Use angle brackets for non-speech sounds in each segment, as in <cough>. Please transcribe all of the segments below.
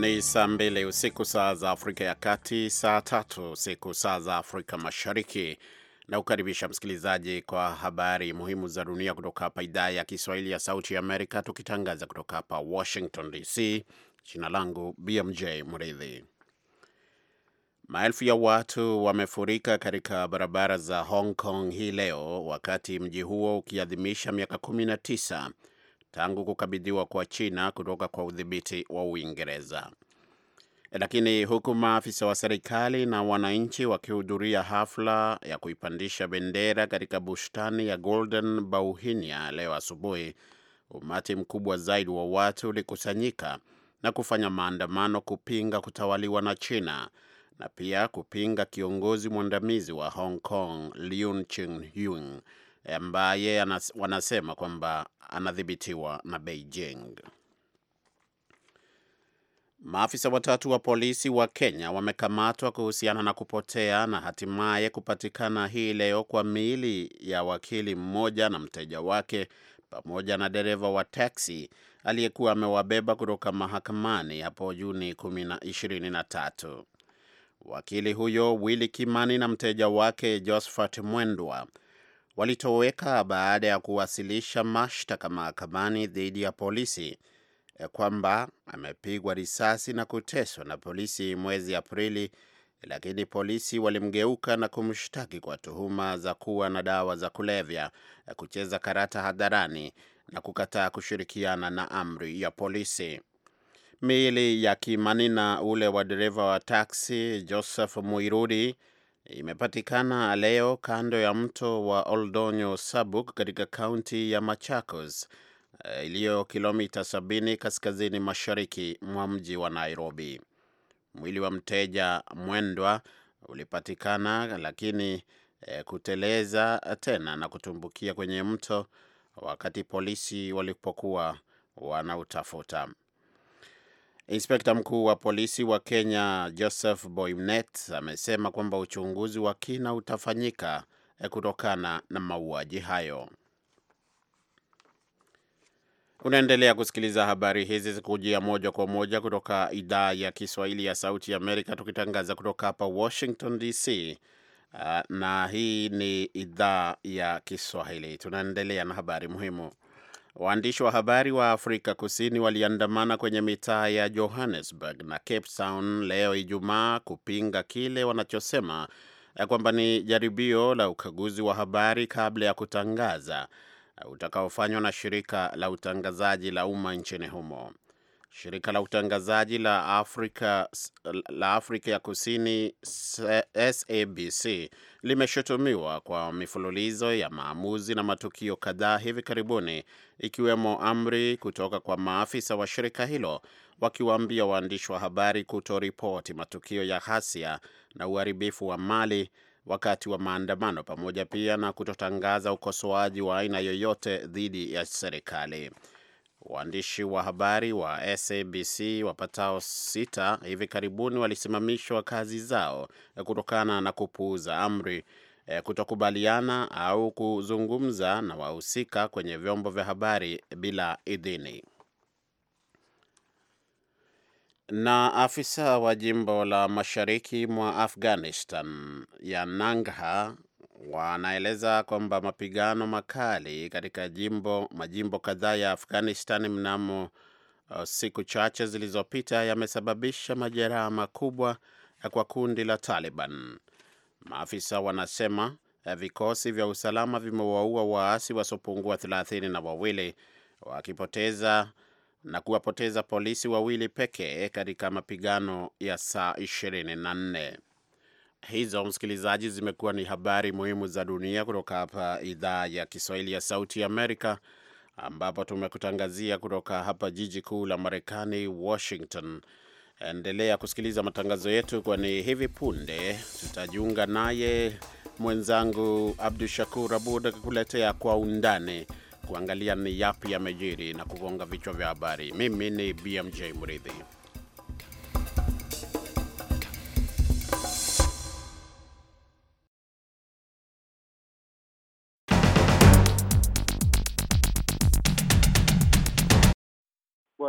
Ni saa mbili usiku saa za Afrika ya Kati, saa tatu usiku saa za Afrika Mashariki. Na kukaribisha msikilizaji kwa habari muhimu za dunia kutoka hapa idhaa ya Kiswahili ya Sauti ya Amerika, tukitangaza kutoka hapa Washington DC. Jina langu BMJ Mridhi. Maelfu ya watu wamefurika katika barabara za Hong Kong hii leo wakati mji huo ukiadhimisha miaka 19 tangu kukabidhiwa kwa China kutoka kwa udhibiti wa Uingereza. Eh, lakini huku maafisa wa serikali na wananchi wakihudhuria hafla ya kuipandisha bendera katika bustani ya Golden Bauhinia leo asubuhi, umati mkubwa zaidi wa watu ulikusanyika na kufanya maandamano kupinga kutawaliwa na China na pia kupinga kiongozi mwandamizi wa Hong Kong Leung chun ambaye wanasema kwamba anadhibitiwa na Beijing. Maafisa watatu wa polisi wa Kenya wamekamatwa kuhusiana na kupotea na hatimaye kupatikana hii leo kwa miili ya wakili mmoja na mteja wake pamoja na dereva wa taksi aliyekuwa amewabeba kutoka mahakamani hapo Juni 23. Wakili huyo Willy Kimani na mteja wake Josphat Mwendwa walitoweka baada ya kuwasilisha mashtaka mahakamani dhidi ya polisi e, kwamba amepigwa risasi na kuteswa na polisi mwezi Aprili, lakini polisi walimgeuka na kumshtaki kwa tuhuma za kuwa na dawa za kulevya, e, kucheza karata hadharani na kukataa kushirikiana na amri ya polisi. Miili ya Kimani na ule wa dereva wa taksi Joseph mwirudi imepatikana leo kando ya mto wa Oldonyo Sabuk katika kaunti ya Machakos eh, iliyo kilomita 70 kaskazini mashariki mwa mji wa Nairobi. Mwili wa mteja mwendwa ulipatikana, lakini eh, kuteleza tena na kutumbukia kwenye mto wakati polisi walipokuwa wanautafuta. Inspekta mkuu wa polisi wa Kenya Joseph Boynet amesema kwamba uchunguzi wa kina utafanyika eh, kutokana na mauaji hayo. Unaendelea kusikiliza habari hizi zikujia moja kwa moja kutoka idhaa ya Kiswahili ya Sauti Amerika, tukitangaza kutoka hapa Washington DC. Ah, na hii ni idhaa ya Kiswahili. Tunaendelea na habari muhimu. Waandishi wa habari wa Afrika Kusini waliandamana kwenye mitaa ya Johannesburg na Cape Town leo Ijumaa kupinga kile wanachosema kwamba ni jaribio la ukaguzi wa habari kabla ya kutangaza utakaofanywa na shirika la utangazaji la umma nchini humo. Shirika la utangazaji la Afrika, la Afrika ya Kusini SABC limeshutumiwa kwa mifululizo ya maamuzi na matukio kadhaa hivi karibuni ikiwemo amri kutoka kwa maafisa wa shirika hilo wakiwaambia waandishi wa habari kutoripoti matukio ya ghasia na uharibifu wa mali wakati wa maandamano pamoja pia na kutotangaza ukosoaji wa aina yoyote dhidi ya serikali waandishi wa habari wa SABC wapatao sita hivi karibuni walisimamishwa kazi zao eh, kutokana na kupuuza amri, eh, kutokubaliana au kuzungumza na wahusika kwenye vyombo vya habari bila idhini. Na afisa wa jimbo la mashariki mwa Afghanistan ya Nangha wanaeleza kwamba mapigano makali katika jimbo majimbo kadhaa ya Afghanistan mnamo uh, siku chache zilizopita yamesababisha majeraha makubwa eh, kwa kundi la Taliban. Maafisa wanasema eh, vikosi vya usalama vimewaua waasi wasiopungua thelathini na wawili wakipoteza na kuwapoteza polisi wawili pekee katika mapigano ya saa nne. Hizo msikilizaji, zimekuwa ni habari muhimu za dunia kutoka hapa idhaa ya Kiswahili ya Sauti Amerika, ambapo tumekutangazia kutoka hapa jiji kuu la Marekani, Washington. Endelea kusikiliza matangazo yetu, kwani hivi punde tutajiunga naye mwenzangu Abdu Shakur Abud akikuletea kwa undani kuangalia ni yapi yamejiri na kugonga vichwa vya habari. Mimi ni BMJ Mridhi.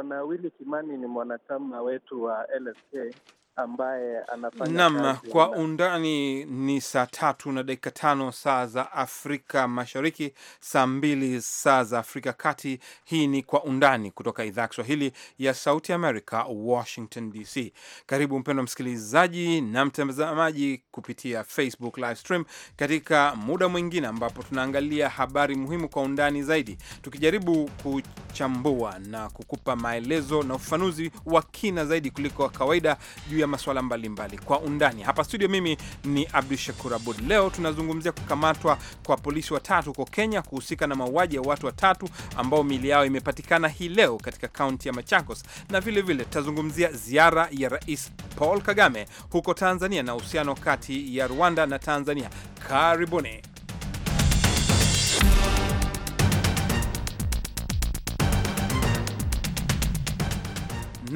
Bwana Willy Kimani ni mwanachama wetu wa LSK ambaye anafanya nam kwa undani. Ni saa tatu na dakika tano saa za Afrika Mashariki, saa mbili saa za Afrika Kati. Hii ni kwa undani kutoka idhaa ya Kiswahili ya Sauti Amerika, Washington DC. Karibu mpendwa msikilizaji na mtazamaji kupitia Facebook live stream katika muda mwingine ambapo tunaangalia habari muhimu kwa undani zaidi, tukijaribu kuchambua na kukupa maelezo na ufafanuzi wa kina zaidi kuliko kawaida juu ya kuangalia masuala mbalimbali kwa undani hapa studio. Mimi ni Abdu Shakur Abud. Leo tunazungumzia kukamatwa kwa polisi watatu huko Kenya kuhusika na mauaji ya watu watatu ambao miili yao imepatikana hii leo katika kaunti ya Machakos, na vilevile tutazungumzia ziara ya Rais Paul Kagame huko Tanzania na uhusiano kati ya Rwanda na Tanzania. Karibuni.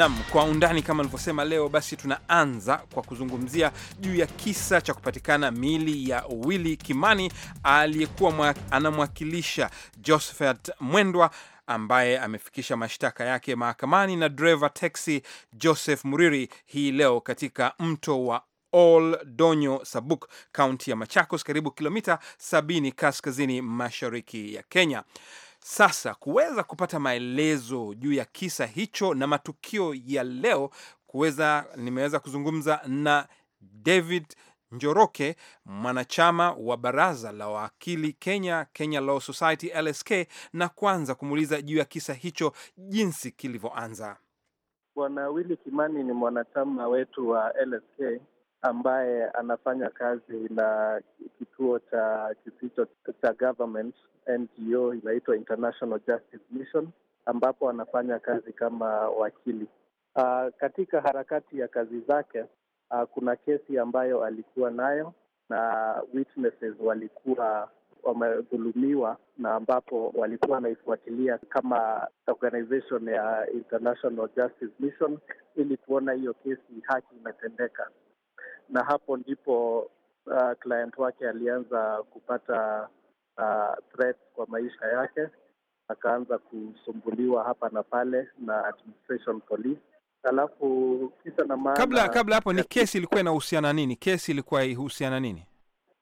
Nam kwa undani kama alivyosema leo, basi tunaanza kwa kuzungumzia juu ya kisa cha kupatikana mili ya Willy Kimani aliyekuwa anamwakilisha Josephat Mwendwa ambaye amefikisha mashtaka yake mahakamani na dreva teksi Joseph Muriri hii leo katika mto wa Ol Donyo Sabuk, kaunti ya Machakos, karibu kilomita 70 kaskazini mashariki ya Kenya. Sasa kuweza kupata maelezo juu ya kisa hicho na matukio ya leo, kuweza nimeweza kuzungumza na David Njoroke, mwanachama wa baraza la waakili Kenya, Kenya Law Society LSK, na kwanza kumuuliza juu ya kisa hicho jinsi kilivyoanza. Bwana Willy Kimani ni mwanachama wetu wa LSK ambaye anafanya kazi na kituo cha kisicho cha government NGO inaitwa International Justice Mission, ambapo anafanya kazi kama wakili. Uh, katika harakati ya kazi zake uh, kuna kesi ambayo alikuwa nayo na witnesses walikuwa wamedhulumiwa na ambapo walikuwa wanaifuatilia kama organization ya International Justice Mission ili kuona hiyo kesi haki imetendeka na hapo ndipo uh, client wake alianza kupata uh, kwa maisha yake, akaanza kusumbuliwa hapa na pale na administration police. Alafu kisa na maana, kabla kabla hapo ni kesi ilikuwa inahusiana nini? Kesi ilikuwa ihusiana nini?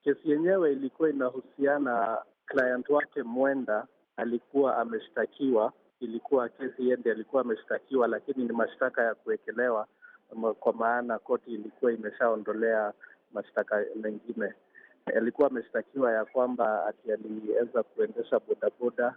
Kesi yenyewe ilikuwa inahusiana, client wake mwenda alikuwa ameshtakiwa, ilikuwa kesi yende alikuwa ameshtakiwa, lakini ni mashtaka ya kuwekelewa kwa maana koti ilikuwa imeshaondolea mashtaka mengine. Alikuwa ameshtakiwa ya kwamba ati aliweza kuendesha bodaboda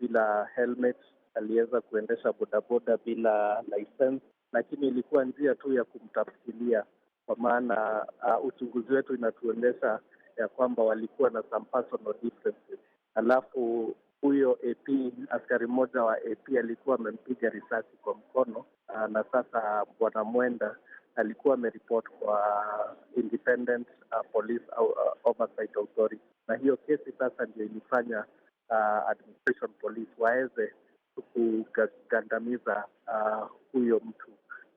bila helmet, aliweza kuendesha bodaboda bila license, lakini ilikuwa njia tu ya kumtafsilia kwa maana uh, uchunguzi wetu inatuonyesha ya kwamba walikuwa na some personal differences, alafu huyo AP askari mmoja wa AP alikuwa amempiga risasi kwa mkono uh, na sasa bwana Mwenda alikuwa ameripoti kwa Independent uh, Police ah, Oversight Authority, na hiyo kesi sasa ndio ilifanya uh, Administration Police waweze kugandamiza uh, huyo mtu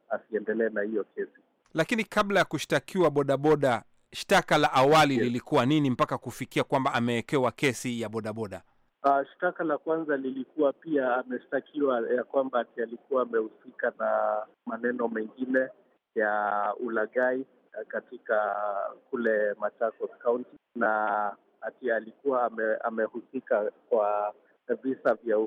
asiendelee na hiyo kesi. Lakini kabla ya kushtakiwa bodaboda, shtaka la awali yes, lilikuwa nini mpaka kufikia kwamba amewekewa kesi ya bodaboda? Uh, shtaka la kwanza lilikuwa pia ameshtakiwa ya kwamba ati alikuwa amehusika na maneno mengine ya ulagai katika kule Machakos County na ati alikuwa ame, amehusika kwa visa vya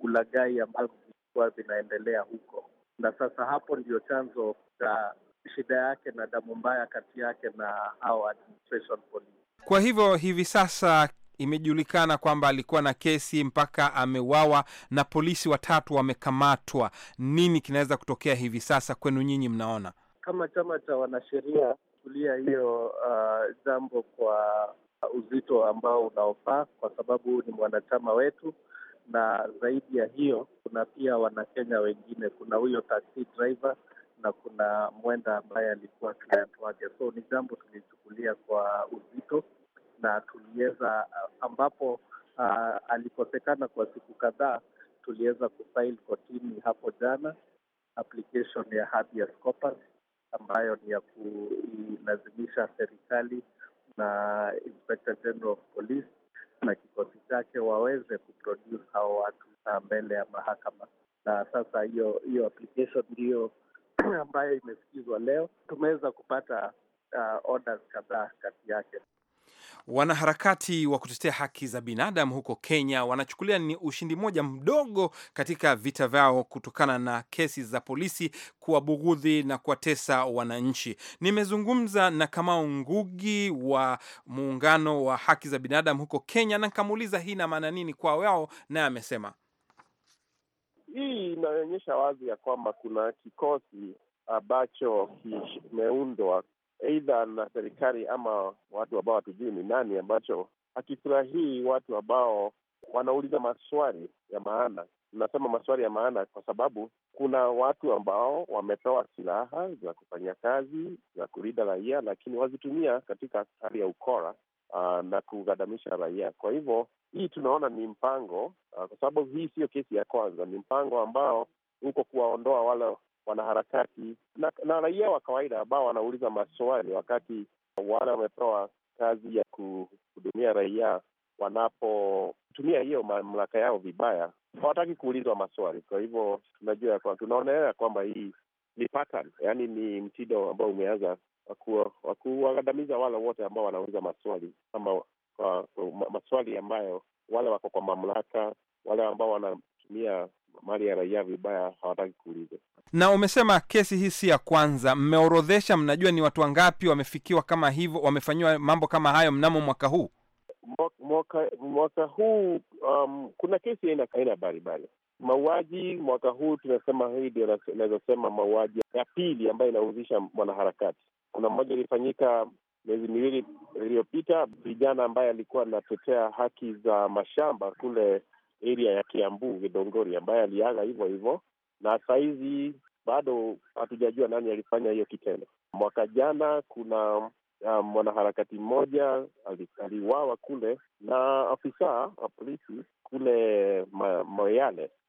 ulagai ambavyo vilikuwa vinaendelea huko, na sasa hapo ndio chanzo cha shida yake na damu mbaya kati yake na hao administration police. Kwa hivyo hivi sasa imejulikana kwamba alikuwa na kesi mpaka amewawa na polisi watatu wamekamatwa. Nini kinaweza kutokea hivi sasa kwenu nyinyi? Mnaona kama chama cha wanasheria kulia hiyo uh, jambo kwa uzito ambao unaofaa, kwa sababu ni mwanachama wetu, na zaidi ya hiyo kuna pia wanakenya wengine, kuna huyo taxi driver na kuna mwenda ambaye alikuwa client wake, so ni jambo tulichukulia kwa uzito na tuliweza uh, ambapo uh, alikosekana kwa siku kadhaa, tuliweza kufail kotini hapo jana application ya habeas corpus ambayo ni ya kuilazimisha serikali na Inspector General of Police na kikosi chake waweze kuproduce hao watu uh, mbele ya mahakama. Na sasa hiyo hiyo application ndiyo <clears throat> ambayo imesikizwa leo. Tumeweza kupata uh, orders kadhaa kati yake. Wanaharakati wa kutetea haki za binadamu huko Kenya wanachukulia ni ushindi mmoja mdogo katika vita vyao kutokana na kesi za polisi kuwabughudhi na kuwatesa wananchi. Nimezungumza na Kamau Ngugi wa muungano wa haki za binadamu huko Kenya na nikamuuliza hii ina maana nini kwa wao, naye amesema hii inaonyesha wazi ya kwamba kuna kikosi ambacho kimeundwa eidha na serikali ama watu ambao hatujui ni nani, ambacho hakifurahii watu ambao wanauliza maswali ya maana. Tunasema maswali ya maana kwa sababu kuna watu ambao wamepewa silaha za kufanya kazi za kulinda raia, lakini wazitumia katika hali ya ukora uh, na kugadamisha raia. Kwa hivyo hii tunaona ni mpango uh, kwa sababu hii siyo kesi ya kwanza, ni mpango ambao uko kuwaondoa wale wanaharakati na, na raia wa kawaida ambao wanauliza maswali wakati wale wamepewa kazi ya kuhudumia raia wanapotumia hiyo mamlaka yao vibaya, hawataki kuulizwa maswali. Kwa hivyo tunajua, tunaonelea kwamba hii ni pattern, yaani ni mtindo ambao umeanza wakuwagandamiza wale wote ambao wanauliza maswali kama maswali ambayo wale wako kwa mamlaka, wale ambao wanatumia mali ya raia vibaya, hawataki kuuliza. Na umesema kesi hii si ya kwanza, mmeorodhesha, mnajua ni watu wangapi wamefikiwa kama hivyo, wamefanyiwa mambo kama hayo mnamo mwaka huu? Mwaka, mwaka huu um, kuna kesi aina aina mbalimbali. Mauaji mwaka huu tunasema, hii ndio inaweza sema mauaji ya pili ambayo inahusisha mwanaharakati. Kuna mmoja ilifanyika miezi miwili iliyopita, vijana ambaye alikuwa anatetea haki za mashamba kule area ya Kiambu Githunguri, ambaye aliaga hivyo hivyo, na sahizi bado hatujajua nani alifanya hiyo kitendo. Mwaka jana kuna um, mwanaharakati mmoja aliuawa kule na afisa wa polisi kule ma,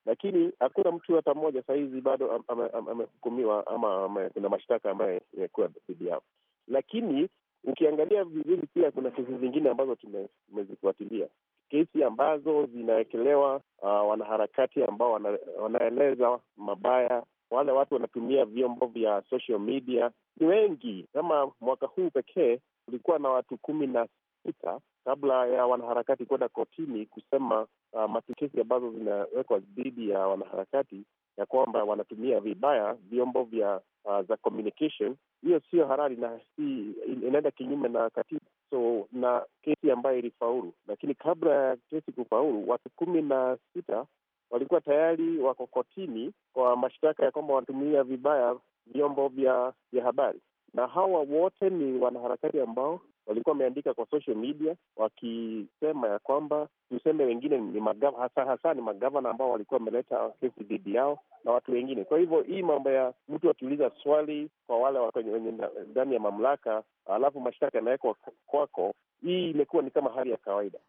lakini hakuna mtu hata mmoja sahizi bado amehukumiwa am, am, ama am, kuna mashtaka ambayo yakuwa dhidi yao, lakini ukiangalia vizuri pia kuna kesi zingine ambazo tumezifuatilia kesi ambazo zinawekelewa uh, wanaharakati ambao wana, wanaeleza mabaya wale watu wanatumia vyombo vya social media ni wengi. Kama mwaka huu pekee kulikuwa na watu kumi na sita kabla ya wanaharakati kwenda kotini kusema uh, matukesi ambazo zinawekwa dhidi ya wanaharakati ya kwamba wanatumia vibaya vyombo vya uh, za communication. Hiyo sio harari na si inaenda kinyume na katiba so na kesi ambayo ilifaulu, lakini kabla ya kesi kufaulu, watu kumi na sita walikuwa tayari wako kotini kwa mashtaka ya kwamba wanatumia vibaya vyombo vya habari, na hawa wote ni wanaharakati ambao walikuwa wameandika kwa social media wakisema ya kwamba tuseme wengine ni magava, hasa hasa ni magavana ambao walikuwa wameleta kesi dhidi yao na watu wengine. Kwa hivyo hii mambo ya mtu akiuliza swali kwa wale wenye ndani ya mamlaka alafu mashtaka yanawekwa kwako, hii imekuwa ni kama hali ya kawaida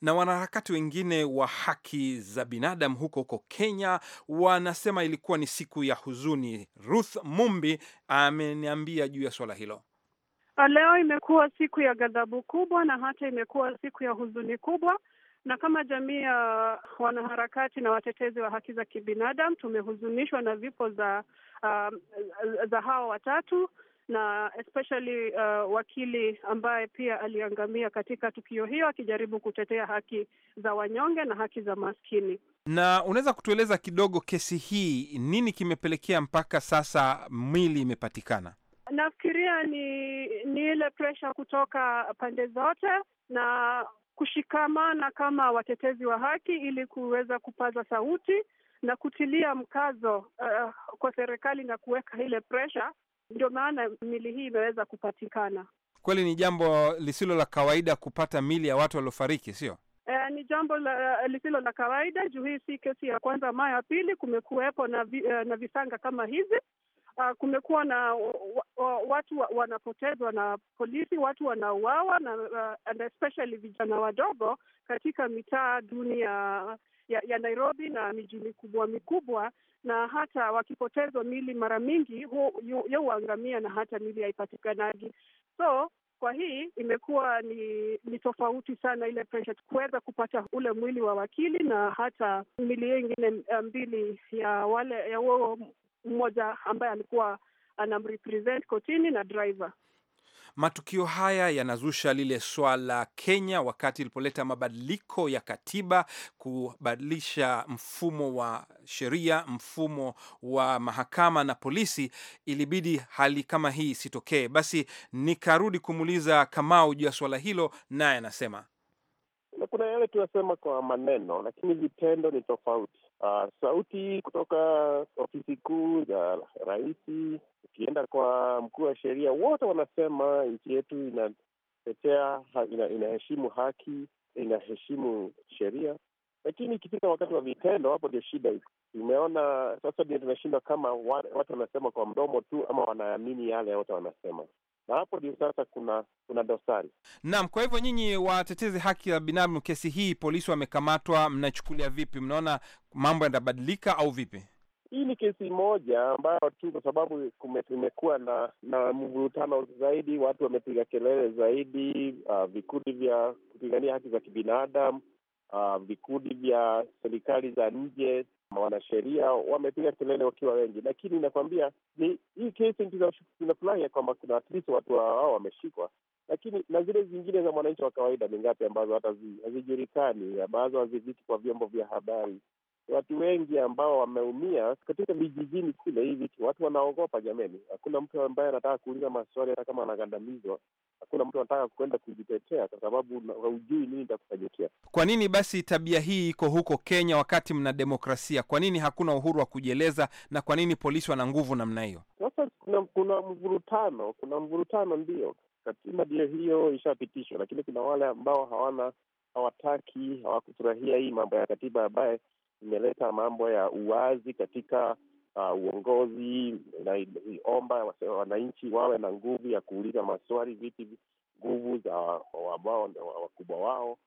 na wanaharakati wengine wa haki za binadamu huko huko Kenya wanasema ilikuwa ni siku ya huzuni. Ruth Mumbi ameniambia juu ya swala hilo. Ah, leo imekuwa siku ya ghadhabu kubwa na hata imekuwa siku ya huzuni kubwa, na kama jamii ya wanaharakati na watetezi wa haki za kibinadamu tumehuzunishwa na vifo za um, za hawa watatu na especially uh, wakili ambaye pia aliangamia katika tukio hiyo akijaribu kutetea haki za wanyonge na haki za maskini. Na unaweza kutueleza kidogo kesi hii, nini kimepelekea mpaka sasa mwili imepatikana? Nafikiria ni ni ile presha kutoka pande zote na kushikamana kama watetezi wa haki ili kuweza kupaza sauti na kutilia mkazo uh, kwa serikali na kuweka ile presha. Ndio maana mili hii imeweza kupatikana. Kweli ni jambo lisilo la kawaida kupata mili ya watu waliofariki, sio? Eh, ni jambo la, lisilo la kawaida juu hii si kesi ya kwanza, maa ya pili kumekuwepo na, vi, eh, na visanga kama hizi, uh, kumekuwa na watu wanapotezwa na polisi, watu wanauawa na uh, and especially vijana wadogo katika mitaa duni ya, ya, ya Nairobi na miji mikubwa mikubwa, na hata wakipotezwa mili mara mingi yauangamia na hata mili haipatikanaji so kwa hii imekuwa ni ni tofauti sana ile presha kuweza kupata ule mwili wa wakili na hata mili ingine uh, mbili ya wale ya huo mmoja ambaye alikuwa anamrepresent kotini na driver. Matukio haya yanazusha lile swala Kenya wakati ilipoleta mabadiliko ya katiba kubadilisha mfumo wa sheria, mfumo wa mahakama na polisi, ilibidi hali kama hii isitokee. Basi nikarudi kumuuliza Kamau juu ya swala hilo, naye anasema kuna yale tunasema kwa maneno, lakini vitendo ni tofauti uh, sauti kutoka ofisi kuu za rais. Ukienda kwa mkuu wa sheria, wote wanasema nchi yetu inatetea, inaheshimu haki, inaheshimu sheria, lakini ikifika wakati wa vitendo, hapo ndio shida iko. Tumeona sasa ndio tunashindwa, kama watu wanasema kwa mdomo tu ama wanaamini yale wote wanasema na hapo ndio sasa kuna kuna dosari. Naam, kwa hivyo nyinyi watetezi haki za binadamu, kesi hii polisi wamekamatwa, mnachukulia vipi? Mnaona mambo yanabadilika au vipi? Hii ni kesi moja ambayo tu kwa sababu kumekuwa na na mvurutano zaidi, watu wamepiga kelele zaidi, uh, vikundi vya kupigania haki za kibinadamu, uh, vikundi vya serikali za nje Wanasheria wamepiga kelele wakiwa wengi, lakini inakuambia ni hii kesi tunafurahi ya kwamba kuna at least watu hao wameshikwa, lakini na zile zingine za mwananchi wa kawaida ni ngapi ambazo hata hazijulikani, ambazo hazifiki kwa vyombo vya habari? watu wengi ambao wameumia katika vijijini kule. Hivi watu wanaogopa jameni, hakuna mtu ambaye anataka kuuliza maswali, hata kama anagandamizwa. Hakuna mtu anataka kwenda kujitetea, kwa sababu haujui nini itakufanyikia. Kwa nini basi tabia hii iko huko Kenya wakati mna demokrasia? Kwa nini hakuna uhuru wa kujieleza, na kwa nini polisi wana nguvu namna hiyo? Sasa kuna kuna mvurutano, kuna mvurutano, ndio katiba ndio hiyo ishapitishwa, lakini kuna wale ambao hawana hawataki hawakufurahia hii mambo ya katiba ambaye imeleta mambo ya uwazi katika uh, uongozi na iomba wananchi wawe na nguvu ya kuuliza maswali viti, nguvu za wakubwa wao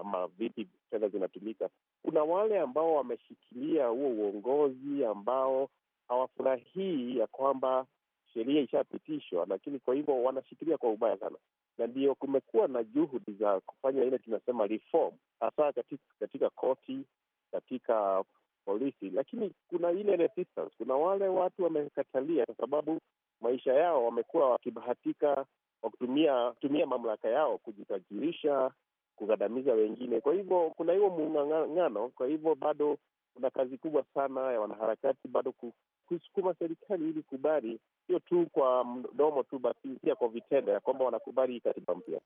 ama vipi fedha zinatumika. Kuna wale ambao wameshikilia huo uongozi ambao hawafurahii ya kwamba sheria ishapitishwa, lakini kwa hivyo wanashikilia kwa ubaya sana, na ndio kumekuwa na juhudi za kufanya ile tunasema reform, hasa katika, katika koti katika polisi, lakini kuna ile resistance. Kuna wale watu wamekatalia kwa sababu maisha yao wamekuwa wakibahatika wa kutumia mamlaka yao kujitajirisha, kugadamiza wengine. Kwa hivyo kuna hiyo muungangano Kwa hivyo bado kuna kazi kubwa sana ya wanaharakati bado kusukuma serikali ili kubali, sio tu kwa mdomo tu, basi pia kwa vitendo, ya kwamba wanakubali hii katiba mpya.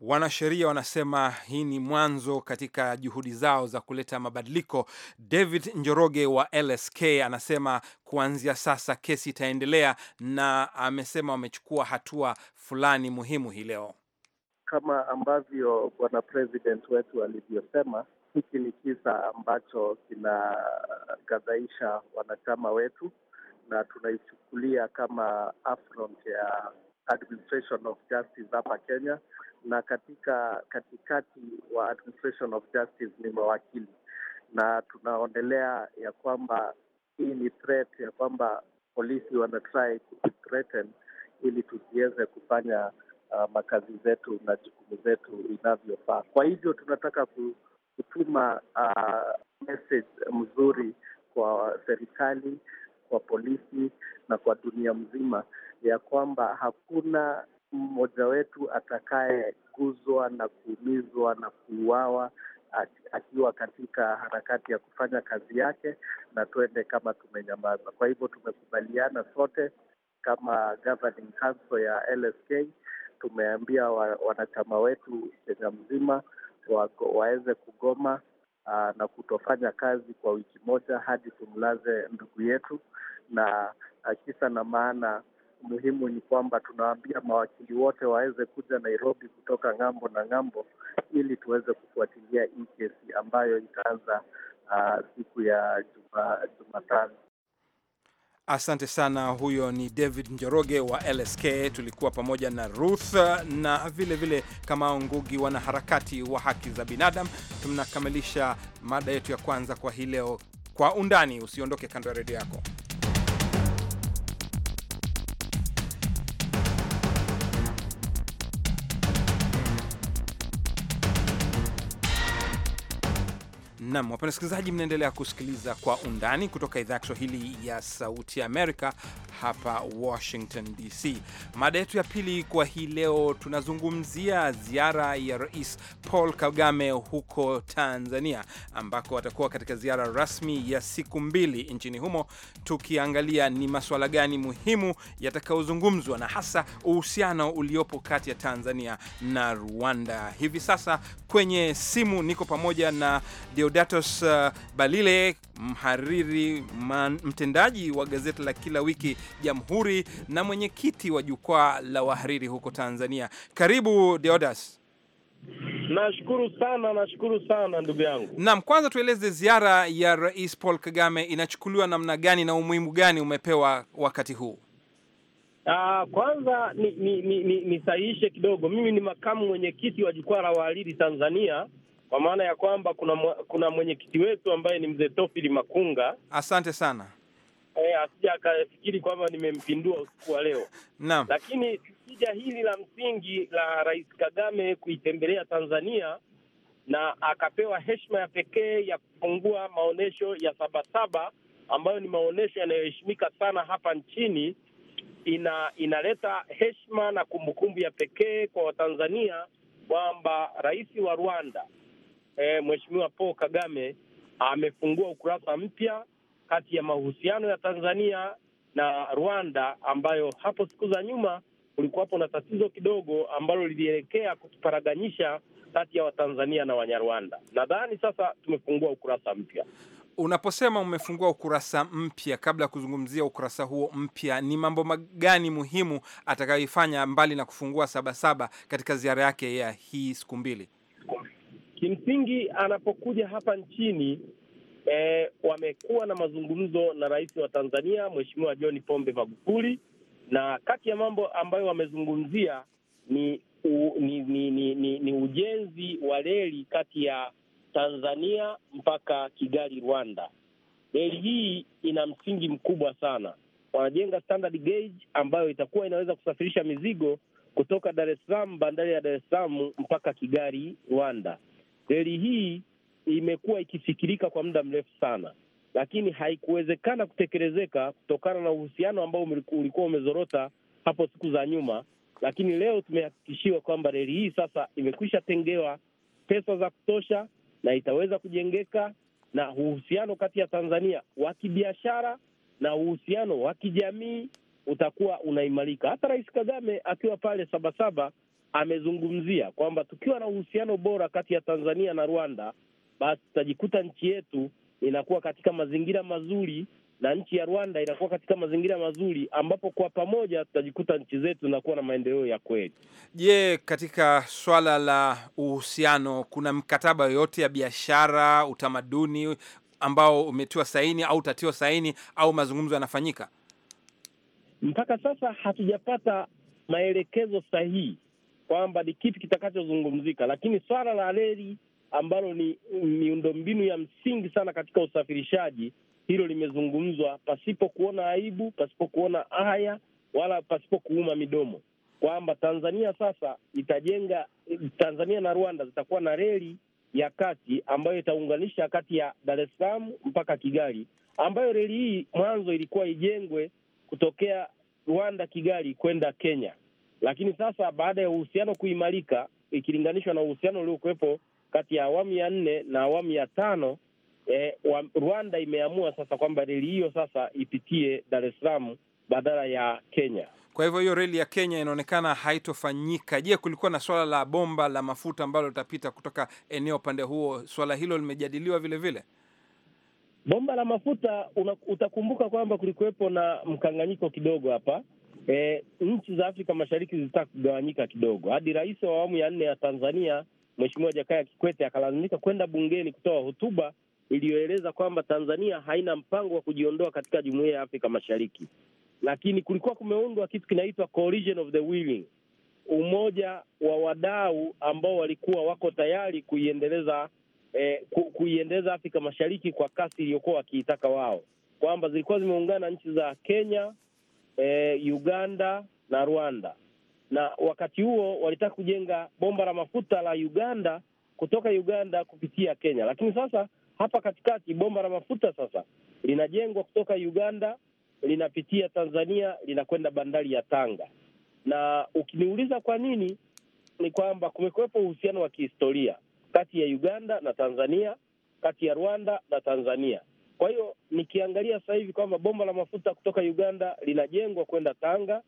Wanasheria wanasema hii ni mwanzo katika juhudi zao za kuleta mabadiliko. David Njoroge wa LSK anasema kuanzia sasa kesi itaendelea, na amesema wamechukua hatua fulani muhimu hii leo, kama ambavyo bwana president wetu alivyosema. Hiki ni kisa ambacho kinagadhaisha wanachama wetu, na tunaichukulia kama affront ya administration of justice hapa Kenya na katika katikati wa administration of justice ni mawakili, na tunaonelea ya kwamba hii ni threat ya kwamba polisi wanatrai ku ili tusiweze kufanya uh, makazi zetu na jukumu zetu inavyofaa. Kwa hivyo tunataka kutuma uh, message mzuri kwa serikali, kwa polisi na kwa dunia mzima ya kwamba hakuna mmoja wetu atakayeguzwa na kuumizwa na kuuawa akiwa katika harakati ya kufanya kazi yake, na tuende kama tumenyamaza. Kwa hivyo tumekubaliana sote kama Governing Council ya LSK, tumeambia wa, wanachama wetu Kenya mzima wa, waweze kugoma aa, na kutofanya kazi kwa wiki moja hadi tumlaze ndugu yetu, na kisa na maana muhimu ni kwamba tunaambia mawakili wote waweze kuja Nairobi kutoka ng'ambo na ng'ambo, ili tuweze kufuatilia hii kesi ambayo itaanza uh, siku ya Jumatano. Asante sana. Huyo ni David Njoroge wa LSK. Tulikuwa pamoja na Ruth na vile kama ao Ngugi, wanaharakati wa haki za binadamu. Tunakamilisha mada yetu ya kwanza kwa hii leo, kwa undani. Usiondoke kando ya redio yako. Nam, wapenda wasikilizaji, mnaendelea kusikiliza Kwa Undani kutoka idhaa ya Kiswahili ya Sauti ya Amerika hapa Washington DC. Mada yetu ya pili kwa hii leo tunazungumzia ziara ya Rais Paul Kagame huko Tanzania, ambako atakuwa katika ziara rasmi ya siku mbili nchini humo, tukiangalia ni masuala gani muhimu yatakayozungumzwa na hasa uhusiano uliopo kati ya Tanzania na Rwanda. Hivi sasa kwenye simu niko pamoja na Deod Deodatus uh, Balile, mhariri man, mtendaji wa gazeti la kila wiki Jamhuri na mwenyekiti wa jukwaa la wahariri huko Tanzania. Karibu Deodas. Nashukuru sana, nashukuru sana ndugu yangu. Naam, kwanza tueleze ziara ya Rais Paul Kagame inachukuliwa namna gani na umuhimu gani umepewa wakati huu? Uh, kwanza ni, ni, ni, ni, ni kidogo. Mimi ni makamu mwenyekiti wa jukwaa la wahariri Tanzania kwa maana ya kwamba kuna kuna mwenyekiti wetu ambaye ni mzee Tofili Makunga. Asante sana. E, asija akafikiri kwamba nimempindua usiku wa leo. <laughs> Naam. Lakini sija hili la msingi la Rais Kagame kuitembelea Tanzania na akapewa heshima ya pekee ya kufungua maonyesho ya Sabasaba ambayo ni maonyesho yanayoheshimika sana hapa nchini, ina inaleta heshima na kumbukumbu ya pekee kwa Watanzania kwamba rais wa Rwanda e, Mheshimiwa Paul Kagame amefungua ukurasa mpya kati ya mahusiano ya Tanzania na Rwanda ambayo hapo siku za nyuma kulikuwapo na tatizo kidogo ambalo lilielekea kutuparaganyisha kati ya Watanzania na Wanyarwanda. Nadhani sasa tumefungua ukurasa mpya. Unaposema umefungua ukurasa mpya, kabla ya kuzungumzia ukurasa huo mpya, ni mambo gani muhimu atakayoifanya mbali na kufungua Sabasaba katika ziara yake ya hii siku mbili? Kimsingi anapokuja hapa nchini e, wamekuwa na mazungumzo na rais wa Tanzania Mheshimiwa John Pombe Magufuli, na kati ya mambo ambayo wamezungumzia ni, ni, ni, ni, ni, ni ujenzi wa reli kati ya Tanzania mpaka Kigali, Rwanda. Reli hii ina msingi mkubwa sana. Wanajenga standard gauge ambayo itakuwa inaweza kusafirisha mizigo kutoka Dar es Salaam, bandari ya Dar es Salaam mpaka Kigali, Rwanda. Reli hii imekuwa ikifikirika kwa muda mrefu sana, lakini haikuwezekana kutekelezeka kutokana na uhusiano ambao ulikuwa umezorota hapo siku za nyuma, lakini leo tumehakikishiwa kwamba reli hii sasa imekwisha tengewa pesa za kutosha na itaweza kujengeka, na uhusiano kati ya Tanzania wa kibiashara na uhusiano wa kijamii utakuwa unaimarika. Hata Rais Kagame akiwa pale Sabasaba amezungumzia kwamba tukiwa na uhusiano bora kati ya Tanzania na Rwanda, basi tutajikuta nchi yetu inakuwa katika mazingira mazuri na nchi ya Rwanda inakuwa katika mazingira mazuri ambapo kwa pamoja tutajikuta nchi zetu zinakuwa na maendeleo ya kweli. Je, katika swala la uhusiano kuna mkataba yoyote ya biashara, utamaduni ambao umetiwa saini au utatiwa saini au mazungumzo yanafanyika? Mpaka sasa hatujapata maelekezo sahihi kwamba ni kipi kitakachozungumzika, lakini swala la reli ambalo ni miundombinu ya msingi sana katika usafirishaji, hilo limezungumzwa pasipo kuona aibu, pasipo kuona haya, wala pasipo kuuma midomo, kwamba Tanzania sasa itajenga, Tanzania na Rwanda zitakuwa na reli ya kati ambayo itaunganisha kati ya Dar es Salaam mpaka Kigali, ambayo reli hii mwanzo ilikuwa ijengwe kutokea Rwanda Kigali kwenda Kenya lakini sasa baada ya uhusiano kuimarika ikilinganishwa na uhusiano uliokuwepo kati ya awamu ya nne na awamu ya tano eh, wa, Rwanda imeamua sasa kwamba reli hiyo sasa ipitie Dar es Salaam badala ya Kenya. Kwa hivyo hiyo reli ya Kenya inaonekana haitofanyika. Je, kulikuwa na swala la bomba la mafuta ambalo litapita kutoka eneo upande huo? Swala hilo limejadiliwa vile vile. Bomba la mafuta una, utakumbuka kwamba kulikuwepo na mkanganyiko kidogo hapa e, nchi za Afrika Mashariki zilitaka kugawanyika kidogo, hadi rais wa awamu ya nne ya Tanzania Mheshimiwa Jakaya Kikwete akalazimika kwenda bungeni kutoa hotuba iliyoeleza kwamba Tanzania haina mpango wa kujiondoa katika jumuiya ya Afrika Mashariki, lakini kulikuwa kumeundwa kitu kinaitwa coalition of the willing, umoja wa wadau ambao walikuwa wako tayari kuiendeleza eh, kuiendeleza Afrika Mashariki kwa kasi iliyokuwa wakiitaka wao, kwamba zilikuwa zimeungana nchi za Kenya, eh, Uganda na Rwanda, na wakati huo walitaka kujenga bomba la mafuta la Uganda kutoka Uganda kupitia Kenya, lakini sasa hapa katikati bomba la mafuta sasa linajengwa kutoka Uganda linapitia Tanzania linakwenda bandari ya Tanga. Na ukiniuliza kwa nini, ni kwamba kumekuwepo uhusiano wa kihistoria kati ya Uganda na Tanzania, kati ya Rwanda na Tanzania. Kwa hiyo nikiangalia sasa hivi kwamba bomba la mafuta kutoka Uganda linajengwa kwenda Tanga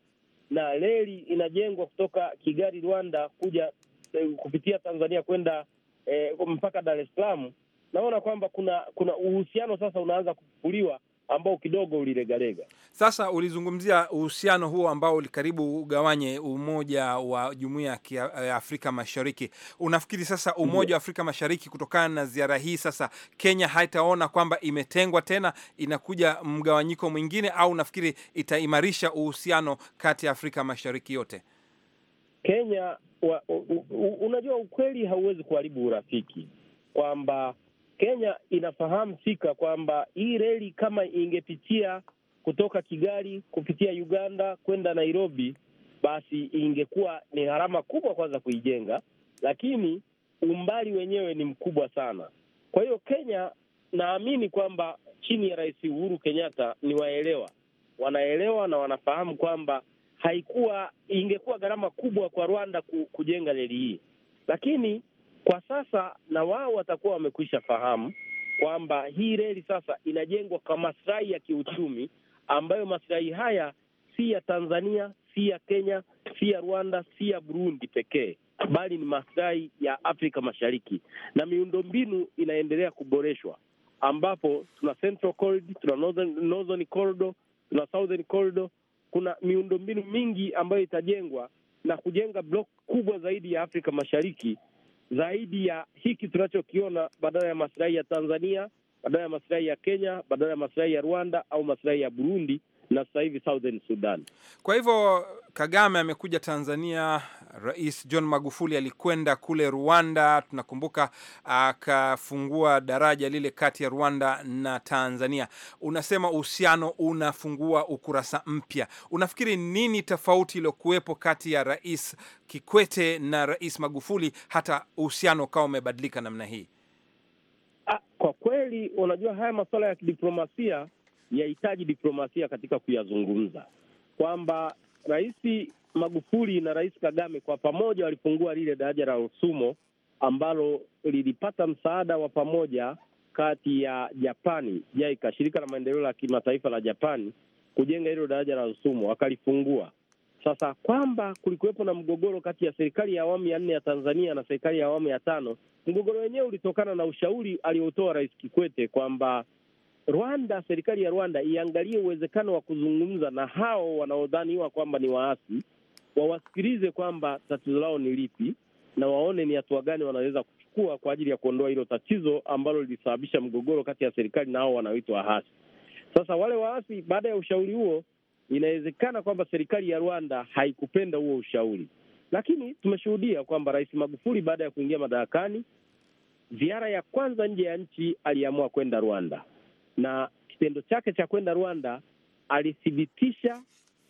na reli inajengwa kutoka Kigali, Rwanda kuja eh, kupitia Tanzania kwenda eh, mpaka Dar es Salaam, naona kwamba kuna kuna uhusiano sasa unaanza kufufuliwa ambao kidogo ulilegalega. Sasa ulizungumzia uhusiano huo ambao ulikaribu ugawanye umoja wa jumuiya ya eh, Afrika Mashariki. Unafikiri sasa umoja wa Afrika Mashariki kutokana na ziara hii sasa Kenya haitaona kwamba imetengwa tena, inakuja mgawanyiko mwingine, au unafikiri itaimarisha uhusiano kati ya Afrika Mashariki yote? Kenya wa, u, u, unajua ukweli hauwezi kuharibu urafiki kwamba Kenya inafahamu fika kwamba hii reli kama ingepitia kutoka Kigali kupitia Uganda kwenda Nairobi, basi ingekuwa ni gharama kubwa kwanza kuijenga, lakini umbali wenyewe ni mkubwa sana. Kwa hiyo Kenya, naamini kwamba chini ya Rais Uhuru Kenyatta ni waelewa, wanaelewa na wanafahamu kwamba haikuwa ingekuwa gharama kubwa kwa Rwanda kujenga reli hii, lakini kwa sasa na wao watakuwa wamekwisha fahamu kwamba hii reli sasa inajengwa kwa maslahi ya kiuchumi, ambayo maslahi haya si ya Tanzania, si ya Kenya, si ya Rwanda, si ya Burundi pekee, bali ni maslahi ya Afrika Mashariki, na miundombinu inaendelea kuboreshwa, ambapo tuna Central Corridor, tuna Northern, Northern Corridor, tuna Southern Corridor. Kuna miundombinu mingi ambayo itajengwa na kujenga block kubwa zaidi ya Afrika Mashariki zaidi ya hiki tunachokiona, badala ya masilahi ya Tanzania, badala ya masilahi ya Kenya, badala ya masilahi ya Rwanda au masilahi ya Burundi, na sasa hivi Southern Sudan. Kwa hivyo Kagame amekuja Tanzania, Rais John Magufuli alikwenda kule Rwanda, tunakumbuka akafungua daraja lile kati ya Rwanda na Tanzania. Unasema uhusiano unafungua ukurasa mpya, unafikiri nini tofauti iliyokuwepo kati ya Rais Kikwete na Rais Magufuli hata uhusiano ukawa umebadilika namna hii? Ah, kwa kweli, unajua haya masuala ya kidiplomasia yahitaji diplomasia katika kuyazungumza, kwamba Rais Magufuli na Rais Kagame kwa pamoja walifungua lile daraja la Rusumo ambalo lilipata msaada wa pamoja kati ya Japani, JICA, shirika la maendeleo la kimataifa la Japani, kujenga hilo daraja la Rusumo, wakalifungua. Sasa kwamba kulikuwepo na mgogoro kati ya serikali ya awamu ya nne ya Tanzania na serikali ya awamu ya tano, mgogoro wenyewe ulitokana na ushauri aliotoa Rais Kikwete kwamba Rwanda, serikali ya Rwanda iangalie uwezekano wa kuzungumza na hao wanaodhaniwa kwamba ni waasi, wawasikilize kwamba tatizo lao ni lipi, na waone ni hatua gani wanaweza kuchukua kwa ajili ya kuondoa hilo tatizo ambalo lilisababisha mgogoro kati ya serikali na hao wanaoitwa waasi. Sasa wale waasi, baada ya ushauri huo, inawezekana kwamba serikali ya Rwanda haikupenda huo ushauri, lakini tumeshuhudia kwamba Rais Magufuli baada ya kuingia madarakani, ziara ya kwanza nje ya nchi aliamua kwenda Rwanda na kitendo chake cha kwenda Rwanda alithibitisha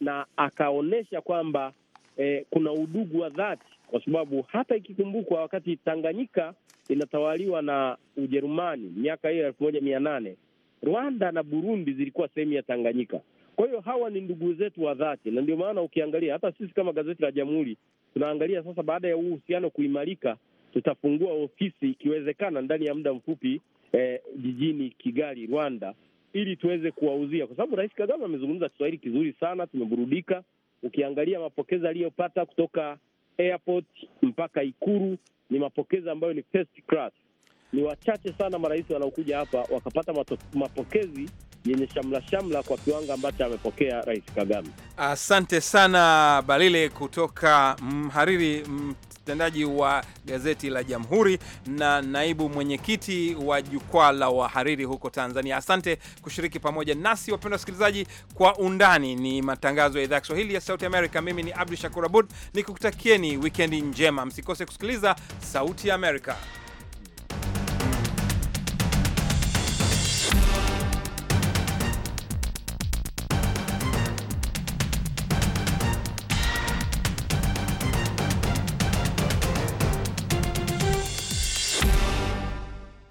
na akaonyesha kwamba eh, kuna udugu wa dhati, kwa sababu hata ikikumbukwa wakati Tanganyika inatawaliwa na Ujerumani miaka hiyo elfu moja mia nane Rwanda na Burundi zilikuwa sehemu ya Tanganyika. Kwa hiyo hawa ni ndugu zetu wa dhati, na ndio maana ukiangalia hata sisi kama gazeti la Jamhuri tunaangalia sasa, baada ya uhusiano kuimarika, tutafungua ofisi ikiwezekana ndani ya muda mfupi eh, jijini Kigali, Rwanda, ili tuweze kuwauzia, kwa sababu Rais Kagame amezungumza Kiswahili kizuri sana, tumeburudika. Ukiangalia mapokezi aliyopata kutoka airport mpaka Ikuru ni mapokezi ambayo ni first class. Ni wachache sana marais wanaokuja hapa wakapata mapokezi yenye shamla shamla kwa kiwango ambacho amepokea Rais Kagame. Asante sana Balile kutoka mhariri mtendaji wa gazeti la Jamhuri na naibu mwenyekiti wa jukwaa la wahariri huko Tanzania. Asante kushiriki pamoja nasi, wapendwa wasikilizaji. Kwa undani ni matangazo ya idhaa ya Kiswahili ya Sauti Amerika. Mimi ni Abdu Shakur Abud nikukutakieni wikendi njema, msikose kusikiliza Sauti ya Amerika.